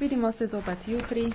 Vidimo se zopet jutri.